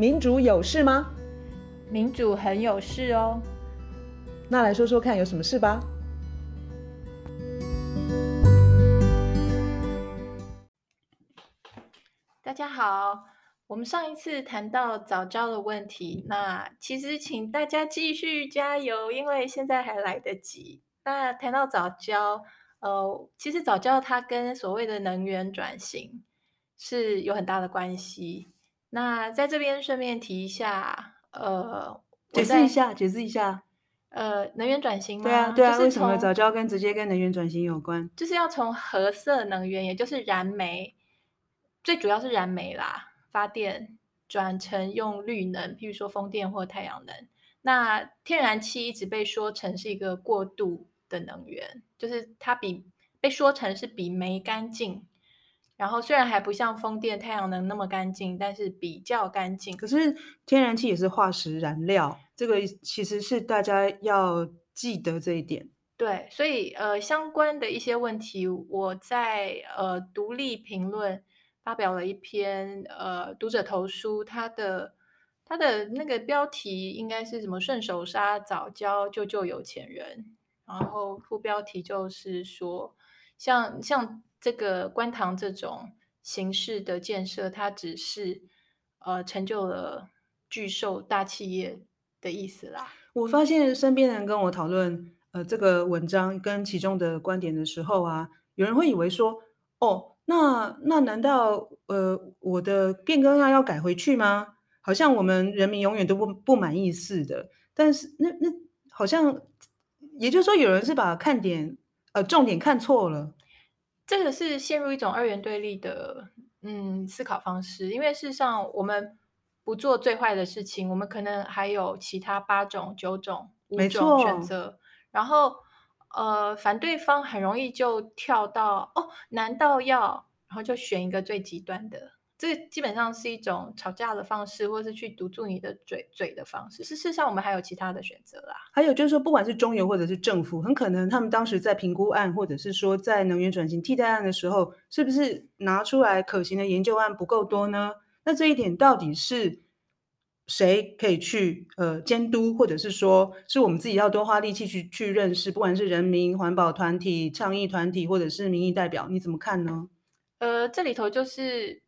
民主有事嗎？民主很有事哦。那來說說看有什麼事吧。大家好，我們上一次談到藻礁的問題，那其實請大家繼續加油，因為現在還來得及。那談到藻礁，呃，其實藻礁它跟所謂的能源轉型是有很大的關係。那在這邊順便提一下，呃，解釋一下，解釋一下，呃，能源轉型啊，對啊，對啊，為什麼藻礁跟直接跟能源轉型有關？就是要從褐色能源，也就是燃煤，最主要是燃煤啦，發電轉成用綠能，譬如說風電或太陽能。那天然氣一直被說成是一個過渡的能源，就是它比被說成是比煤乾淨。然後雖然還不像風電、太陽能那麼乾淨，但是比較乾淨。可是天然氣也是化石燃料，這個其實是大家要記得這一點。對，所以呃，相關的一些問題，我在呃獨立評論發表了一篇呃讀者投書，它的它的那個標題應該是什麼“順手殺藻礁，救救有錢人”，然後副標題就是說像像。像這個觀塘這種形式的建設，它只是呃成就了巨獸大企業的意思啦。我發現身邊人跟我討論呃這個文章跟其中的觀點的時候啊，有人會以為說，哦，那那難道呃我的變更要、啊、要改回去嗎？好像我們人民永遠都不不滿意似的。但是那那好像也就是說，有人是把看點呃重點看錯了。這個是陷入一種二元對立的嗯思考方式，因為事實上我們不做最壞的事情，我們可能還有其他八種、九種、五種選擇。沒錯。然後呃，反對方很容易就跳到哦，難道要？然後就選一個最極端的。這基本上是一種吵架的方式，或者是去堵住你的嘴嘴的方式。事實上，我們還有其他的選擇啦。還有就是說，不管是中油或者是政府，很可能他們當時在評估案，或者是說在能源轉型替代案的時候，是不是拿出來可行的研究案不夠多呢？那這一點到底是誰可以去呃監督，或者是說是我們自己要多花力氣去去認識？不管是人民、環保團體、倡議團體，或者是民意代表，你怎麼看呢？呃，這裡頭就是。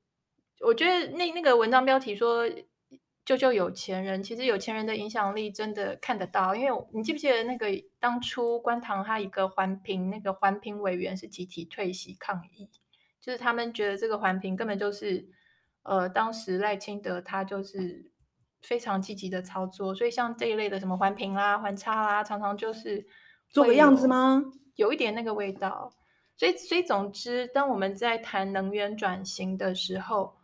我覺得那那個文章標題說“救救有錢人”，其實有錢人的影響力真的看得到。因為你記不記得那個當初觀塘他一個環評，那個環評委員是集體退席抗議，就是他們覺得這個環評根本就是呃，當時賴清德他就是非常積極的操作，所以像這一類的什麼環評啦、環差啦，常常就是做個樣子嗎？有一點那個味道。所以，所以總之，當我們在談能源轉型的時候，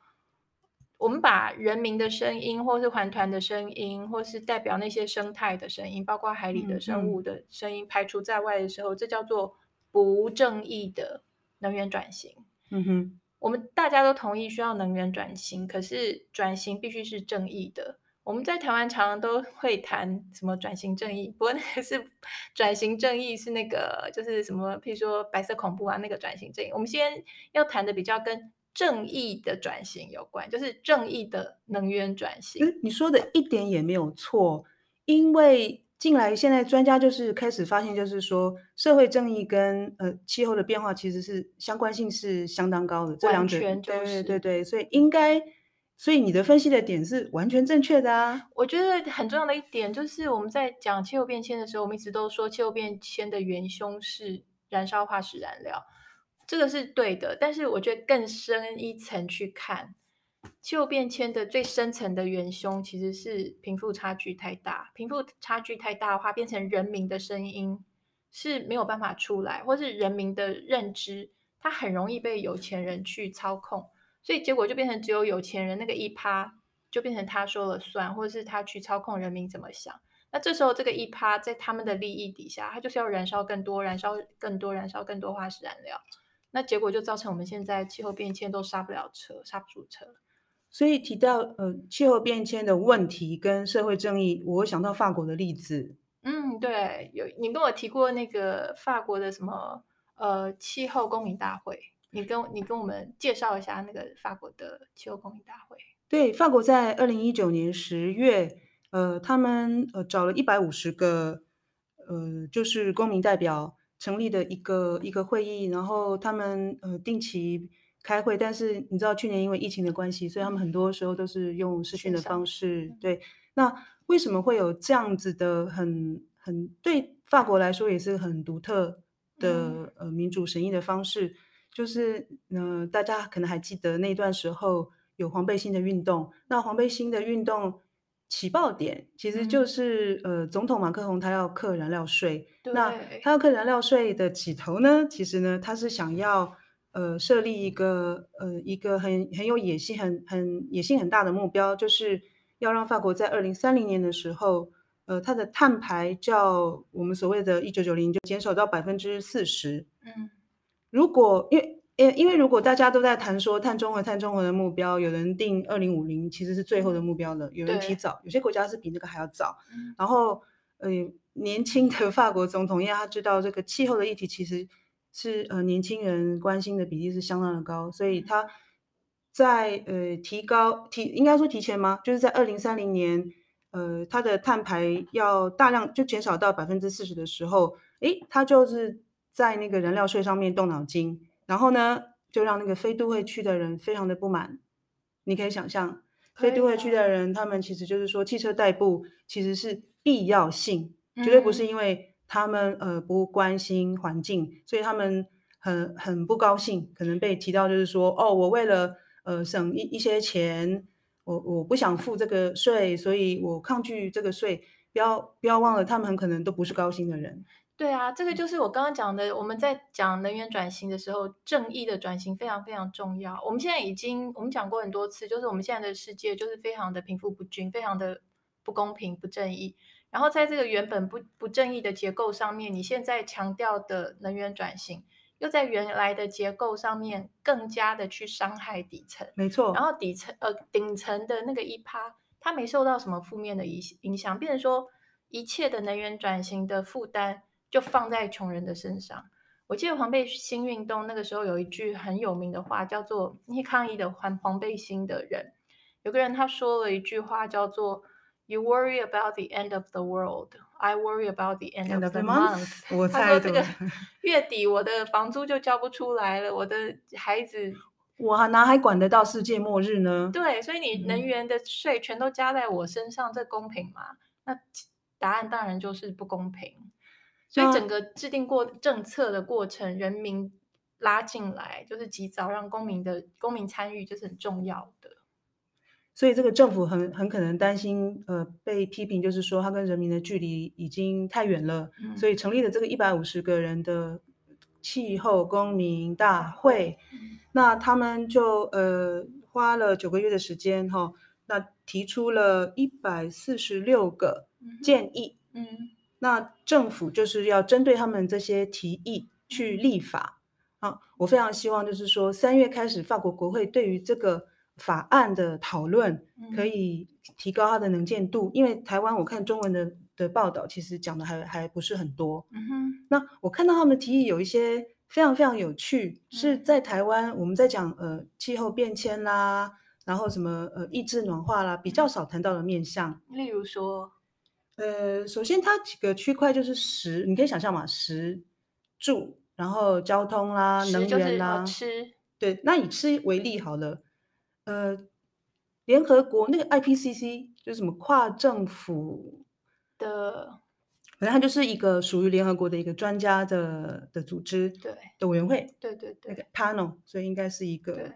我們把人民的聲音，或是環團的聲音，或是代表那些生態的聲音，包括海裡的生物的聲音，嗯嗯、排除在外的時候，這叫做不正義的能源轉型。嗯哼，我們大家都同意需要能源轉型，可是轉型必須是正義的。我們在台灣常常都會談什麼轉型正義，不過那個是轉型正義是那個就是什麼，譬如說白色恐怖啊，那個轉型正義。我們先要談的比較跟。正義的轉型有關，就是正義的能源轉型。嗯。你說的一點也沒有錯，因為近來現在專家就是開始發現，就是說社會正義跟呃氣候的變化其實是相關性是相當高的。這兩者完全、就是、對對對對，所以應該，所以你的分析的點是完全正確的啊。我覺得很重要的一點就是我們在講氣候變遷的時候，我們一直都說氣候變遷的元兇是燃燒化石燃料。這個是對的，但是我覺得更深一層去看，氣候變遷的最深層的元兇其實是貧富差距太大。貧富差距太大的話，變成人民的聲音是沒有辦法出來，或者是人民的認知，他很容易被有錢人去操控，所以結果就變成只有有錢人那個一趴，就變成他說了算，或者是他去操控人民怎麼想。那這時候這個一趴在他們的利益底下，他就是要燃燒更多、燃燒更多、燃燒更多化石燃料。那結果就造成我們現在氣候變遷都剎不了車，剎不住車。所以提到呃氣候變遷的問題跟社會正義，我會想到法國的例子。嗯，對，有你跟我提過那個法國的什麼呃氣候公民大會，你跟你跟我們介紹一下那個法國的氣候公民大會？對，法國在二零一九年十月，呃，他們呃找了一百五十個呃就是公民代表。成立的一個一個會議，然後他們呃定期開會，但是你知道去年因為疫情的關係，所以他們很多時候都是用視訊的方式。 對，嗯、那為什麼會有這樣子的很很對法國來說也是很獨特的，嗯、呃民主審議的方式？就是嗯、呃，大家可能還記得那段時候有黃背心的運動，那黃背心的運動。起爆點其實就是、嗯、呃，總統馬克宏他要課燃料稅，對那對他要課燃料稅的起頭呢？其實呢，他是想要呃設立一個呃一個很很有野心、很很野心很大的目標，就是要讓法國在二零三零年的時候，呃，它的碳排較我們所謂的一九九零就減少到百分之四十。嗯，如果因為。因因為如果大家都在談說碳中和、碳中和的目標，有人定二零五零其實是最後的目標了，有人提早，對有些國家是比那個還要早。嗯、然後，呃，年輕的法國總統因為他知道這個氣候的議題其實是呃年輕人關心的比例是相當的高，嗯、所以他在，在呃提高提應該說提前嗎？就是在二零三零年，呃，他的碳排要大量就減少到百分之四十的時候，誒他就是在那個燃料稅上面動腦筋。然後呢，就讓那個非都會區的人非常的不滿。你可以想象，啊、非都會區的人，他們其實就是說汽車代步其實是必要性，嗯、絕對不是因為他們呃不關心環境，所以他們很很不高興。可能被提到就是說，哦，我為了呃省一一些錢，我我不想付這個稅，所以我抗拒這個稅。不要不要忘了，他們很可能都不是高薪的人。對啊，這個就是我剛剛講的。我們在講能源轉型的時候，正義的轉型非常非常重要。我們現在已經我們講過很多次，就是我們現在的世界就是非常的貧富不均，非常的不公平、不正義。然後在這個原本不不正義的結構上面，你現在強調的能源轉型，又在原來的結構上面更加的去傷害底層。沒錯，然後底層呃頂層的那個一趴，它沒受到什麼負面的影響，變成說一切的能源轉型的負擔，就放在窮人的身上。我記得黃背心運動那個時候有一句很有名的話，叫做“那些抗議的黃黃背心的人”。有個人他說了一句話，叫做 “You worry about the end of the world, I worry about the end of the month。The month. 我猜” 他說這個月底我的房租就交不出來了，我的孩子……我哪還管得到世界末日呢？對，所以你能源的稅全都加在我身上，嗯、這公平嗎？那答案當然就是不公平。所以整個制定過政策的過程，人民拉進來，就是及早讓公民的公民參與，就是很重要的。所以這個政府很很可能擔心，呃，被批評，就是說他跟人民的距離已經太遠了。嗯、所以成立了這個一百五十個人的氣候公民大會，嗯嗯、那他們就呃花了九個月的時間哈、哦，那提出了一百四十六個建議，嗯。嗯那政府就是要針對他們這些提議去立法啊！我非常希望，就是說三月開始，法國國會對於這個法案的討論，可以提高它的能見度。因為台灣我看中文的的報道，其實講的還還不是很多。那我看到他們提議有一些非常非常有趣，是在台灣我們在講呃氣候變遷啦，然後什麼呃抑制暖化啦，比較少談到的面向，例如說。呃，首先它幾個區塊就是食，你可以想象嘛，食住，然後交通啦，就是、能源啦，吃，對，那以吃為例好了，呃，聯合國那個 IPCC 就是什麼跨政府的，反正的它就是一個屬於聯合國的一個專家的的組織，對，的委員會，對對對，那個 panel，所以應該是一個，對，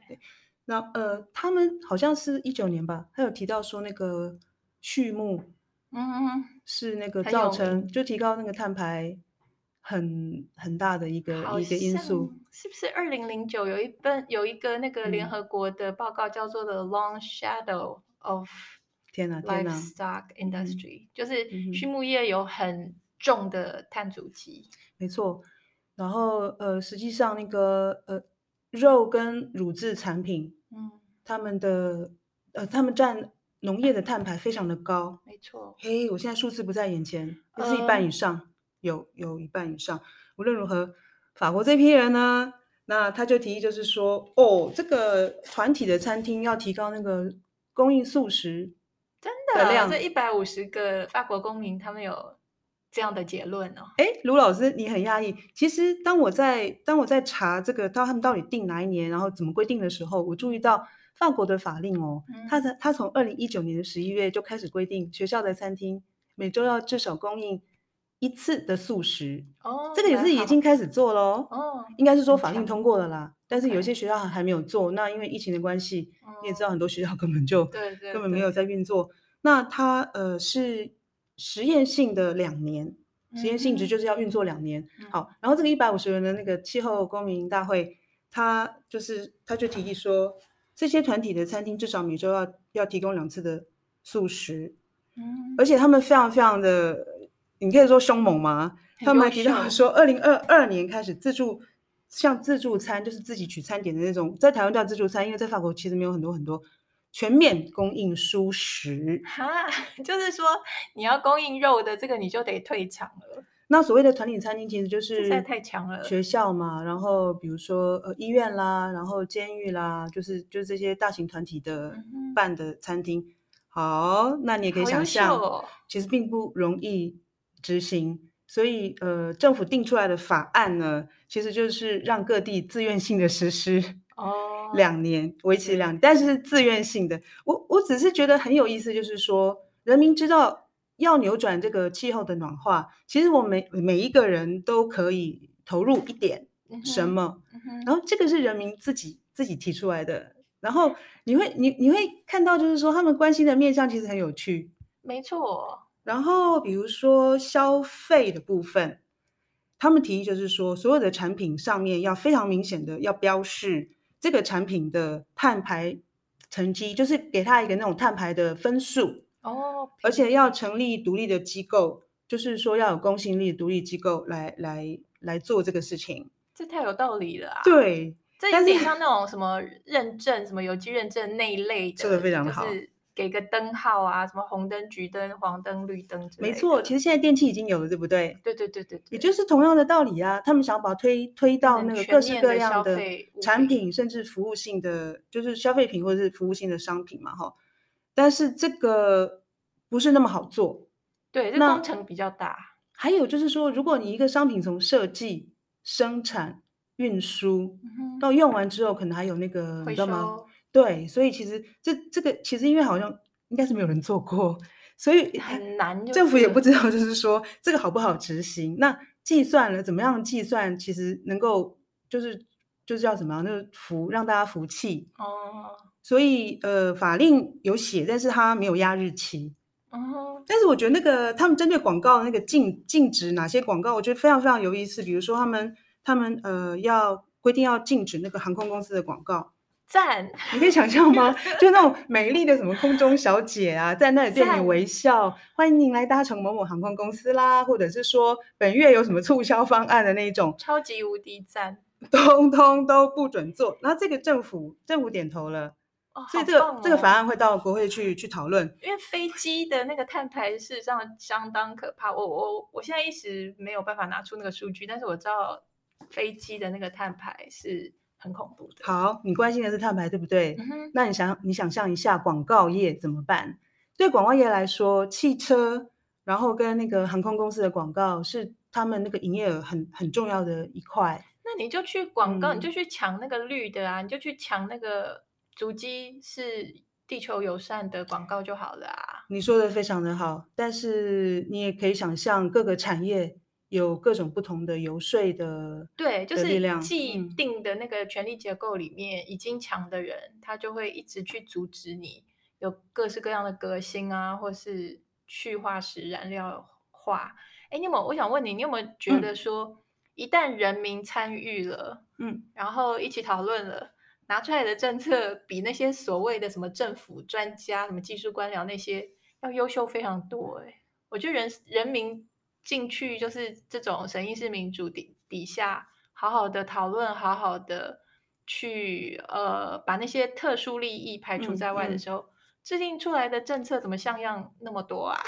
那對呃，他們好像是一九年吧，他有提到說那個畜牧。嗯，mm hmm. 是那個造成就提高那個碳排很很大的一個像一個因素。是不是二零零九有一份有一個那個聯合國的報告叫做 The《Long Shadow of》啊？天吶天吶 Livestock Industry 就是畜牧業有很重的碳足跡。嗯嗯，沒錯，然後呃，實際上那個呃肉跟乳製產品，嗯，他們的呃他們占。農業的碳排非常的高，沒錯。嘿，我現在數字不在眼前，但是一半以上，嗯、有有一半以上。無論如何，法國這批人呢、啊，那他就提議就是說，哦，這個團體的餐廳要提高那個供應素食的量。真的、哦、這一百五十個法國公民，他們有這樣的結論哦。誒，盧老師，你很訝異。其實當我在當我在查這個，到他們到底定哪一年，然後怎麼規定的時候，我注意到。法國的法令哦，他他從二零一九年的十一月就開始規定，學校的餐廳每周要至少供應一次的素食哦，oh, okay, 這個也是已經開始做嘍哦，oh, okay, 應該是說法令通過了啦，okay. Oh, okay. 但是有些學校還還沒有做，那因為疫情的關係，Okay. 你也知道很多學校根本就、oh, 根本沒有在運作，對對對那他呃是實驗性的兩年，實驗性質就是要運作兩年、mm hmm. 好，然後這個一百五十人的那個氣候公民大會，他就是他就提議說。這些團體的餐廳至少每周要要提供兩次的素食，嗯，而且他們非常非常的，你可以說凶猛嗎？他們還提到說，二零二二年開始自助，像自助餐就是自己取餐點的那種，在台灣叫自助餐，因為在法國其實沒有很多很多全面供應素食，哈，啊，就是說你要供應肉的這個你就得退場了。那所謂的團體的餐廳其實就是學校嘛，然後比如說呃醫院啦，然後監獄啦，就是就是這些大型團體的辦的餐廳。嗯、哼好，那你也可以想象，哦、其實並不容易執行。所以呃，政府定出來的法案呢，其實就是讓各地自願性的實施哦，兩年為期兩年，對但是自願性的。我我只是覺得很有意思，就是說人民知道。要扭轉這個氣候的暖化，其實我們每、每一個人都可以投入一點什麼。嗯嗯、然後這個是人民自己自己提出來的。然後你會你你會看到，就是說他們關心的面向其實很有趣。沒錯、哦。然後比如說消費的部分，他們提議就是說，所有的產品上面要非常明顯的要標示這個產品的碳排成績，就是給他一個那種碳排的分數。哦，而且要成立獨立的機構，就是說要有公信力的獨立機構來來來做這個事情，這太有道理了啊！對，但是你像那種什麼認證，是什麼有機認證那一類的，這個非常好，就是給個燈號啊，什麼紅燈、橘燈、黃燈、綠燈，沒錯，其實現在電器已經有了，對不對？對，對對對對，也就是同樣的道理啊，他們想要把它推推到那個各式各樣的產品，品甚至服務性的，就是消費品或者是服務性的商品嘛，哈。但是這個不是那麼好做，對，那這工程比較大。還有就是說，如果你一個商品從設計、生產、運輸、嗯、哼到用完之後，可能還有那個回收你知道嗎？對，所以其實這這個其實因為好像應該是沒有人做過，所以很難、就是。政府也不知道，就是說這個好不好執行？那計算了怎麼樣計算？其實能夠就是就是要怎麼樣，就是服讓大家服氣哦。所以，呃，法令有寫，但是它沒有押日期。哦、uh。Huh. 但是我覺得那個他們針對廣告的那個禁禁止哪些廣告，我覺得非常非常有意思。比如說他們他們呃要規定要禁止那個航空公司的廣告。讚！你可以想象嗎？ 就那種美麗的什麼空中小姐啊，在那裡對你微笑，讚歡迎您來搭乘某某航空公司啦，或者是說本月有什麼促銷方案的那種。超級無敵讚！通通都不准做。那這個政府政府點頭了。哦哦，所以這個這個法案會到國會去去討論，因為飛機的那個碳排事實上相當可怕。我我我現在一時沒有辦法拿出那個數據，但是我知道飛機的那個碳排是很恐怖的。好，你關心的是碳排對不對？嗯、哼那你想你想象一下廣告業怎麼辦？對廣告業來說，汽車然後跟那個航空公司的廣告是他們那個營業額很很重要的一塊。那你就去廣告，嗯、你就去搶那個綠的啊，你就去搶那個。主機是地球友善的廣告就好了啊！你說的非常的好，但是你也可以想象，各個產業有各種不同的游說的。對，就是既定的那個權力結構裡面，已經強的人、嗯、他就會一直去阻止你有各式各樣的革新啊，或是去化石燃料化。哎，你有沒有，我想問你，你有沒有覺得說，一旦人民參與了，嗯，然後一起討論了，嗯拿出來的政策比那些所謂的什麼政府專家、什麼技術官僚那些要優秀非常多誒、欸，我覺得人人民進去就是這種審議式民主底底下，好好的討論，好好的去呃把那些特殊利益排除在外的時候，嗯嗯、制定出來的政策怎麼像樣那麼多啊？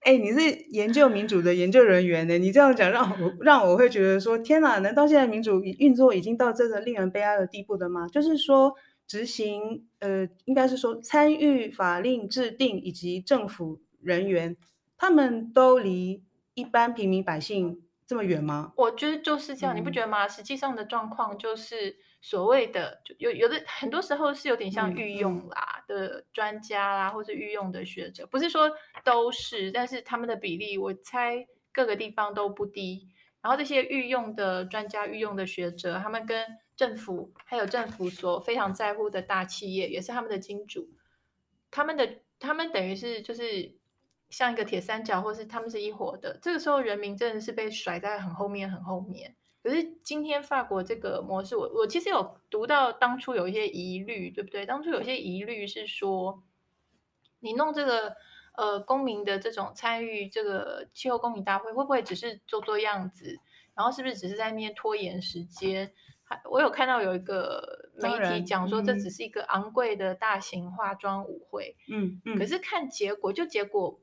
哎、欸，你是研究民主的研究人員呢、欸，你這樣講讓我讓我會覺得說，天哪、啊，難道現在民主運作已經到這個令人悲哀的地步的嗎？就是說，執行呃，應該是說參與法令制定以及政府人員，他們都離一般平民百姓這麼遠嗎？我覺得就是這樣，你不覺得嗎？實際上的狀況就是。所謂的就有有的很多時候是有點像御用啦、嗯、的專家啦，或是御用的學者，不是說都是，但是他們的比例我猜各個地方都不低。然後這些御用的專家、御用的學者，他們跟政府還有政府所非常在乎的大企業，也是他們的金主，他們的他們等於是就是像一個鐵三角，或是他們是一夥的。這個時候，人民真的是被甩在很後面，很後面。可是今天法國這個模式，我我其實有讀到當初有一些疑慮，對不對？當初有一些疑慮是說，你弄這個呃公民的這種參與這個氣候公民大會，會不會只是做做樣子？然後是不是只是在那邊拖延時間？我有看到有一個媒體講說，這只是一個昂貴的大型化妝舞會。嗯嗯。可是看結果，就結果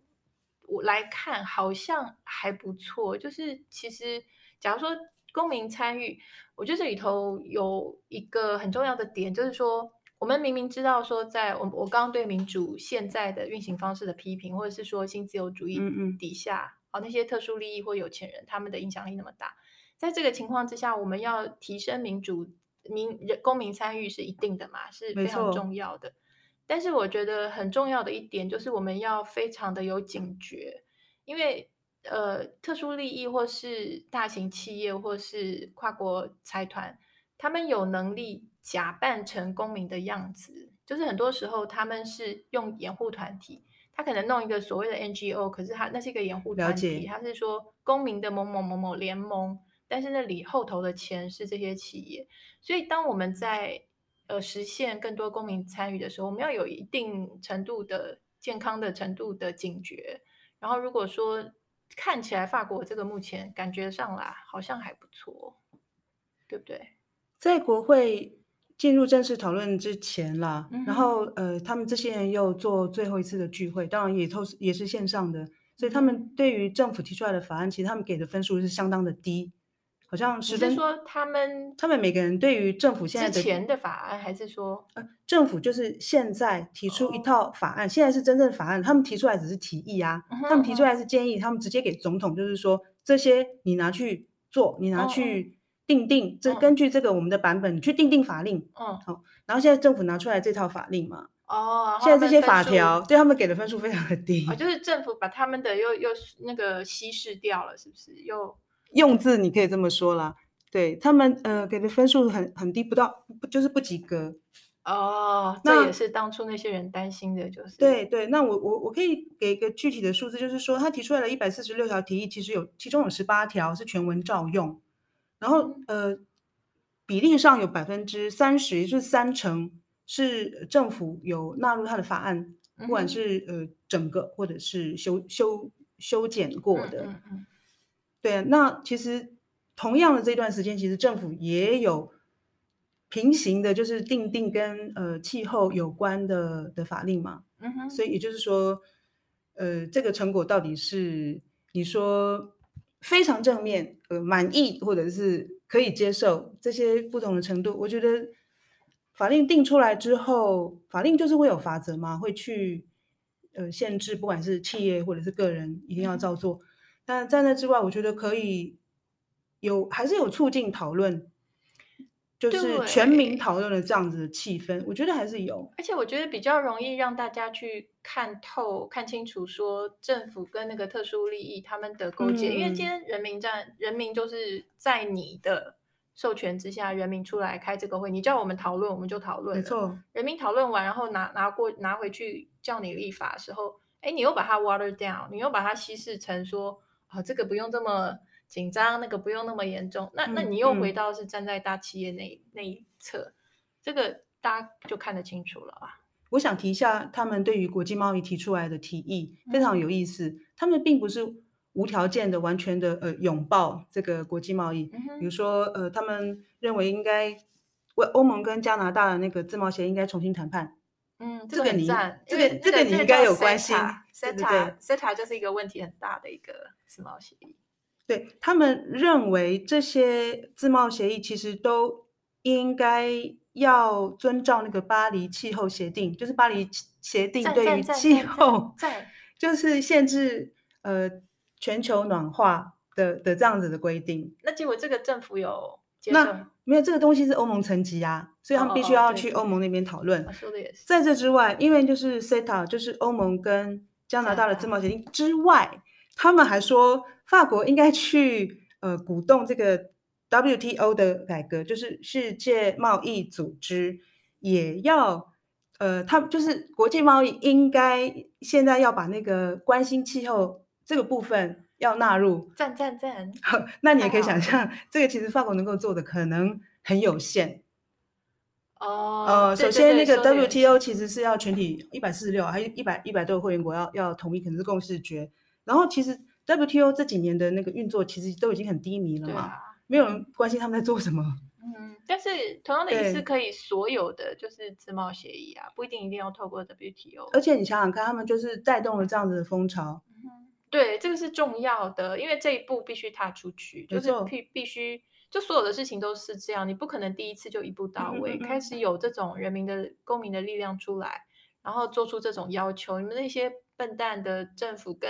我來看，好像還不錯。就是其實。假如說公民參與，我覺得這裡頭有一個很重要的點，就是說我們明明知道說，在我我剛剛對民主現在的運行方式的批評，或者是說新自由主義底下，嗯嗯哦，那些特殊利益或有錢人他們的影響力那麼大，在這個情況之下，我們要提升民主、民公民參與是一定的嘛，是非常重要的。沒錯。但是我覺得很重要的一點就是我們要非常的有警覺，因為。呃，特殊利益或是大型企業或是跨國財團，他們有能力假扮成公民的樣子，就是很多時候他們是用掩護團體，他可能弄一個所謂的 NGO，可是他那是一個掩護團體，了解。他是說公民的某某某某聯盟，但是那裡後頭的錢是這些企業，所以當我們在呃實現更多公民參與的時候，我們要有一定程度的健康的程度的警覺，然後如果說。看起來法國這個目前感覺上啦，好像還不錯，對不對？在國會進入正式討論之前啦，嗯哼。然後呃，他們這些人又做最後一次的聚會，當然也都是也是線上的，所以他們對於政府提出來的法案，其實他們給的分數是相當的低。好像只是說他們之前說，他們每個人對於政府現在的法案，還是說，呃，政府就是現在提出一套法案，oh. 現在是真正法案，他們提出來只是提議啊，uh、huh, 他們提出來是建議，uh huh. 他們直接給總統就是說，這些你拿去做，你拿去訂定，uh huh. 這根據這個我們的版本你去訂定法令，嗯、uh，好、huh.，然後現在政府拿出來這套法令嘛，哦、uh，huh. 現在這些法條、uh huh. 對他們給的分數非常的低，哦、就是政府把他們的又又那個稀釋掉了，是不是？又。用字你可以這麼說啦，對他們呃給的分數很很低，不到不就是不及格哦。Oh, 那這也是當初那些人擔心的，就是對對。那我我我可以給一個具體的數字，就是說他提出來的一百四十六條提議，其實有其中有十八條是全文照用，然後呃比例上有百分之三十，就是三成是政府有納入他的法案，不管是呃整個或者是修修修剪過的。Mm hmm. 對啊，那其實同樣的這段時間，其實政府也有平行的，就是定定跟呃氣候有關的的法令嘛。嗯哼。所以也就是說，呃，這個成果到底是你說非常正面、呃滿意，或者是可以接受這些不同的程度？我覺得法令定出來之後，法令就是會有法則嘛，會去呃限制，不管是企業或者是個人，一定要照做。嗯但在那之外，我覺得可以有，還是有促進討論，就是全民討論的這樣子的氣氛，對對，我覺得還是有。而且我覺得比較容易讓大家去看透、看清楚，說政府跟那個特殊利益他們的勾結。嗯、因為今天人民站，人民就是在你的授權之下，人民出來開這個會，你叫我們討論，我們就討論。沒錯，人民討論完，然後拿拿過拿回去叫你立法的時候，哎，你又把它 water down，你又把它稀釋成說。好、哦，這個不用這麼緊張，那個不用那麼嚴重。那那你又回到是站在大企業那、嗯、那一側，這個大家就看得清楚了吧？我想提一下，他們對於國際貿易提出來的提議非常有意思。嗯、哼他們並不是無條件的、完全的呃擁抱這個國際貿易。嗯、哼比如說，呃，他們認為應該為歐盟跟加拿大的那個自貿協應該重新談判。嗯，這個你這個你、這個那個、這個你應該有關係。CETA CETA 就是一個問題很大的一個自貿協議，對，他們認為這些自貿協議其實都應該要遵照那個巴黎氣候協定，就是巴黎協定對於氣候，在在在在在就是限制呃全球暖化的的這樣子的規定。那結果這個政府有那沒有，這個東西是歐盟層級啊，所以他們必須要去歐盟那邊討論。說的也是。在這之外，因為就是 CETA 就是歐盟跟加拿大的自貿協定之外，啊、他們還說法國應該去呃鼓動這個 WTO 的改革，就是世界貿易組織也要呃，他們就是國際貿易應該現在要把那個關心氣候這個部分要納入。贊贊贊呵！那你也可以想象，這個其實法國能夠做的可能很有限。哦，oh, 呃，對對對，首先那個 WTO 其實是要全體一百四十六，還有一百一百多個會員國要要同意，可能是共識決。然後其實 WTO 這幾年的那個運作其實都已經很低迷了嘛，啊、沒有人關心他們在做什麼。嗯，嗯，但是同樣的也是對可以，所有的就是自貿協議啊，不一定一定要透過 WTO。而且你想想看，他們就是帶動了這樣子的風潮。嗯，對，這個是重要的，因為這一步必須踏出去，錯就是必必須。就所有的事情都是這樣，你不可能第一次就一步到位。嗯嗯嗯嗯開始有這種人民的公民的力量出來，然後做出這種要求。你們那些笨蛋的政府跟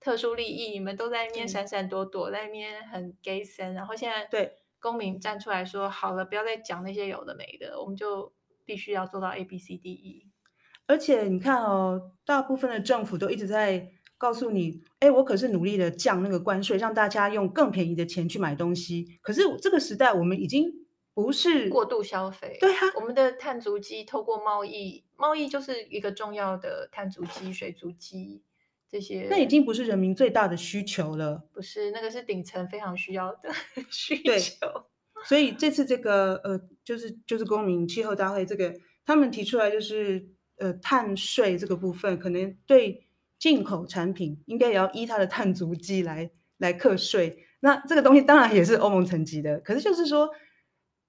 特殊利益，你們都在那邊閃閃躲躲，嗯、在那邊很假仙。然後現在，對公民站出來說，對好了，不要再講那些有的沒的，我們就必須要做到 A B C D E。而且你看哦，大部分的政府都一直在。告訴你，哎、欸，我可是努力地降那個關稅，讓大家用更便宜的錢去買東西。可是這個時代，我們已經不是過度消費，對啊，我們的碳足跡透過貿易，貿易就是一個重要的碳足跡、水足跡這些。那已經不是人民最大的需求了，不是那個是頂層非常需要的需求。對，所以這次這個呃，就是就是公民氣候大會這個，他們提出來就是呃，碳稅這個部分可能對。進口產品應該也要依他的碳足跡來來課稅，那這個東西當然也是歐盟層級的。可是就是說，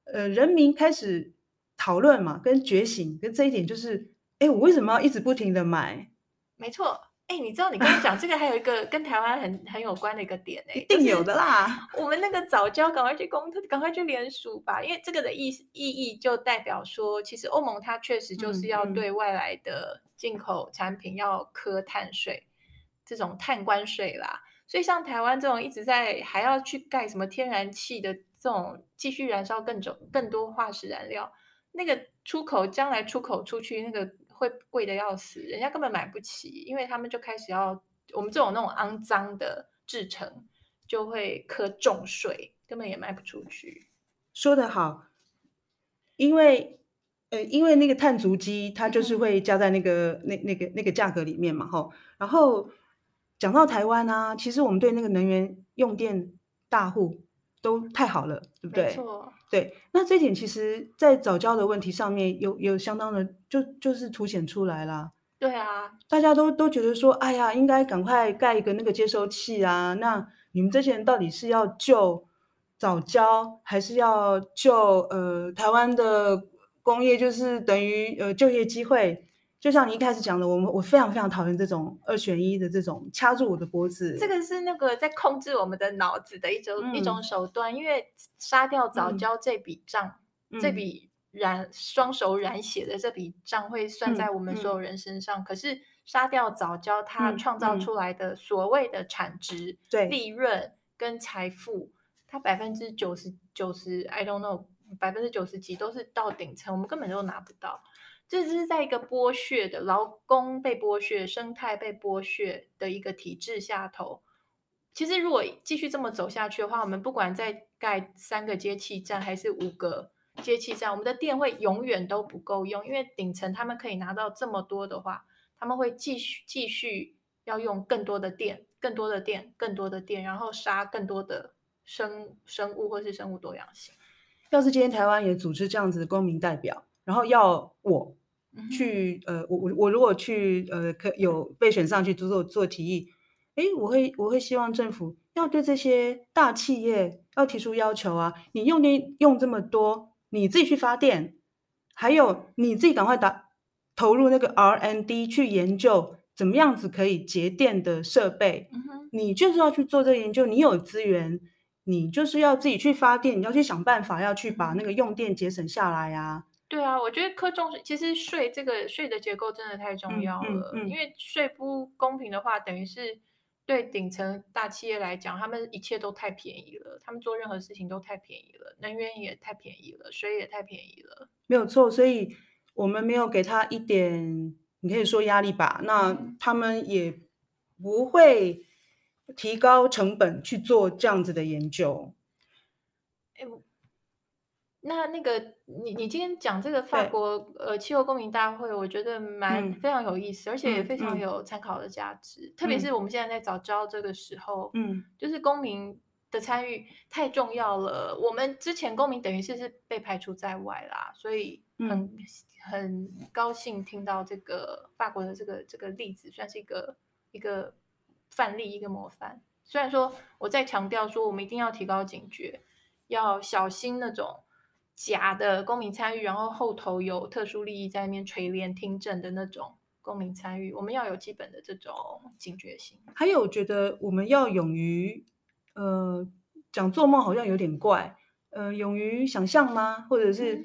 呃，人民開始討論嘛，跟覺醒，跟這一點就是，哎，我為什麼要一直不停的買？沒錯。哎，你知道？你剛剛講這個，還有一個跟台灣很很有關的一個點哎，一定有的啦。我們那個藻礁，趕快去公，趕快去聯署吧。因為這個的意意義，就代表說，其實歐盟它確實就是要對外來的進口產品要課碳稅，嗯嗯、這種碳關稅啦。所以像台灣這種一直在還要去蓋什麼天然氣的這種繼續燃燒更種更多化石燃料，那個出口將來出口出去那個。會貴的要死，人家根本買不起，因為他們就開始要我們這種那種骯髒的製程，就會苛重稅，根本也賣不出去。說得好，因為呃，因為那個碳足跡它就是會加在那個、嗯、那那個那個價格裡面嘛，吼，然後講到台灣啊，其實我們對那個能源用電大戶都太好了，對不對？沒對，那這點其實，在藻礁的問題上面有，有有相當的就就是凸顯出來啦。對啊，大家都都覺得說，哎呀，應該趕快蓋一個那個接收器啊。那你們這些人到底是要救藻礁，還是要救呃台灣的工業？就是等於呃就業機會。就像你一開始講的，我們我非常非常討厭這種二選一的這種掐住我的脖子。這個是那個在控制我們的腦子的一種一種手段，嗯、因為殺掉藻礁這筆賬，嗯、這筆染雙手染血的這筆賬會算在我們所有人身上。嗯嗯、可是殺掉藻礁，它創造出來的所謂的產值、嗯嗯、利潤跟財富，對它百分之九十九十，I don't know，百分之九十幾都是到頂層，我們根本都拿不到。這只是在一個剝削的勞工被剝削，生態被剝削的一個體制下頭。其實，如果繼續這麼走下去的話，我們不管再蓋三個接氣站還是五個接氣站，我們的電會永遠都不夠用。因為頂層他們可以拿到這麼多的話，他們會繼續繼續要用更多的電、更多的電、更多的電，然後殺更多的生生物或是生物多樣性。要是今天台灣也組織這樣子的公民代表，然後要我。去呃，我我我如果去呃，可有被選上去做做提議，哎，我會我會希望政府要對這些大企業要提出要求啊，你用電用這麼多，你自己去發電，還有你自己趕快打投入那個 R&D 去研究怎麼樣子可以節電的設備，你就是要去做這個研究，你有資源，你就是要自己去發電，你要去想辦法要去把那個用電節省下來啊。對啊，我覺得課重其實稅這個稅的結構真的太重要了，嗯嗯嗯、因為稅不公平的話，等於是對頂層大企業來講，他們一切都太便宜了，他們做任何事情都太便宜了，能源也太便宜了，水也太便宜了。沒有錯，所以我們沒有給他一點，你可以說壓力吧，那他們也不會提高成本去做這樣子的研究。哎、欸。那那個你你今天講這個法國對呃氣候公民大會，我覺得蠻非常有意思，嗯、而且也非常有參考的價值。嗯、特別是我們現在在藻礁這個時候，嗯，就是公民的參與太重要了。嗯、我們之前公民等於是是被排除在外啦，所以很、嗯、很高興聽到這個法國的這個這個例子，算是一個一個範例，一個模範。雖然說我再強調說，我們一定要提高警覺，要小心那種。假的公民參與，然後後頭有特殊利益在那邊垂簾聽政的那種公民參與，我們要有基本的這種警覺性。還有，我覺得我們要勇於，呃，講做夢好像有點怪，呃，勇於想象嗎？或者是，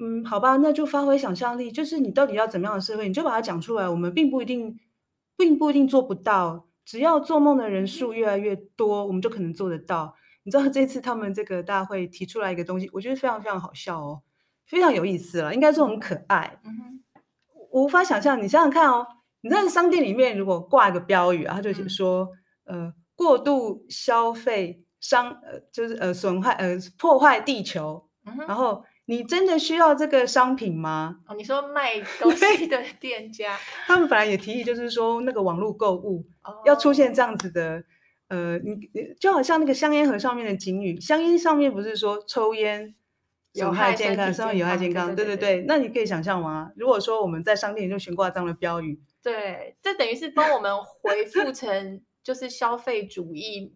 嗯,嗯，好吧，那就發揮想象力，就是你到底要怎麼樣的社會，你就把它講出來。我們並不一定，並不一定做不到，只要做夢的人數越來越多，嗯、我們就可能做得到。你知道這一次他們這個大會提出來一個東西，我覺得非常非常好笑哦，非常有意思了，應該說很可愛。嗯哼，我無，無法想象你想想看哦，你在商店裡面如果掛一個標語，啊，然後就寫說，嗯、呃，過度消費傷，呃，就是呃，損壞呃，破壞地球。嗯哼，然後你真的需要這個商品嗎？哦，你說賣東西的店家，他們本來也提議就是說，那個網絡購物，哦、要出現這樣子的。呃，你你就好像那個香煙盒上面的警語，香煙上面不是說抽煙有害健康，身上有害健康，對對對，對。對對對，那你可以想象嗎？如果說我們在商店裡就懸掛這樣的標語，對，這等於是幫我們恢復成就是消費主義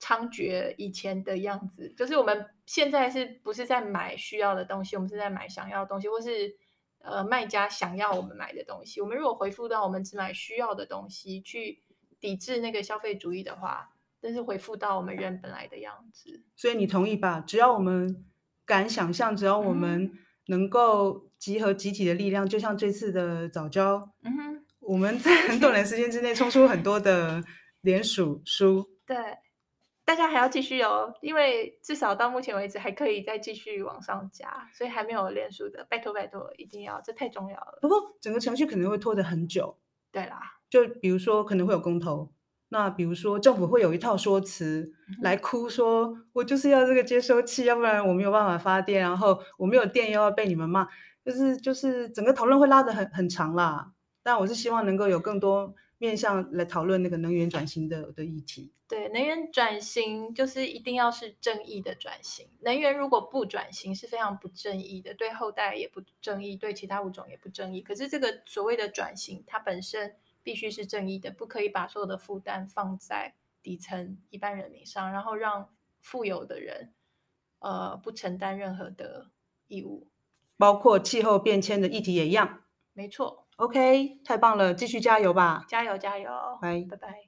猖獗以前的樣子。 就是我們現在是不是在買需要的東西？我們是在買想要的東西，或是呃，賣家想要我們買的東西？我們如果恢復到我們只買需要的東西去。抵制那個消費主義的話，但是回復到我們原本來的樣子。所以你同意吧？只要我們敢想象，只要我們能夠集合集體的力量，嗯、哼就像這次的藻礁，嗯哼，我們在很短的時間之內衝出很多的連署書。 對，大家還要繼續哦，因為至少到目前為止還可以再繼續往上加，所以還沒有連署的，拜託拜託，一定要，這太重要了。不過整個程序可能會拖得很久。對啦，就比如說可能會有公投，那比如說政府會有一套說辭來哭說，嗯哼，我就是要這個接收器，要不然我沒有辦法發電，然後我沒有電又要被你們罵，就是就是整個討論會拉得很很長啦。但我是希望能夠有更多。面向來討論那個能源轉型的的議題。對，能源轉型就是一定要是正義的轉型。能源如果不轉型，是非常不正義的，對後代也不正義，對其他物種也不正義。可是這個所謂的轉型，它本身必須是正義的，不可以把所有的負擔放在底層一般人民上，然後讓富有的人呃不承擔任何的義務。包括氣候變遷的議題也一樣。沒錯。OK，太棒了，繼續加油吧！加油加油！加油 Bye. 拜拜。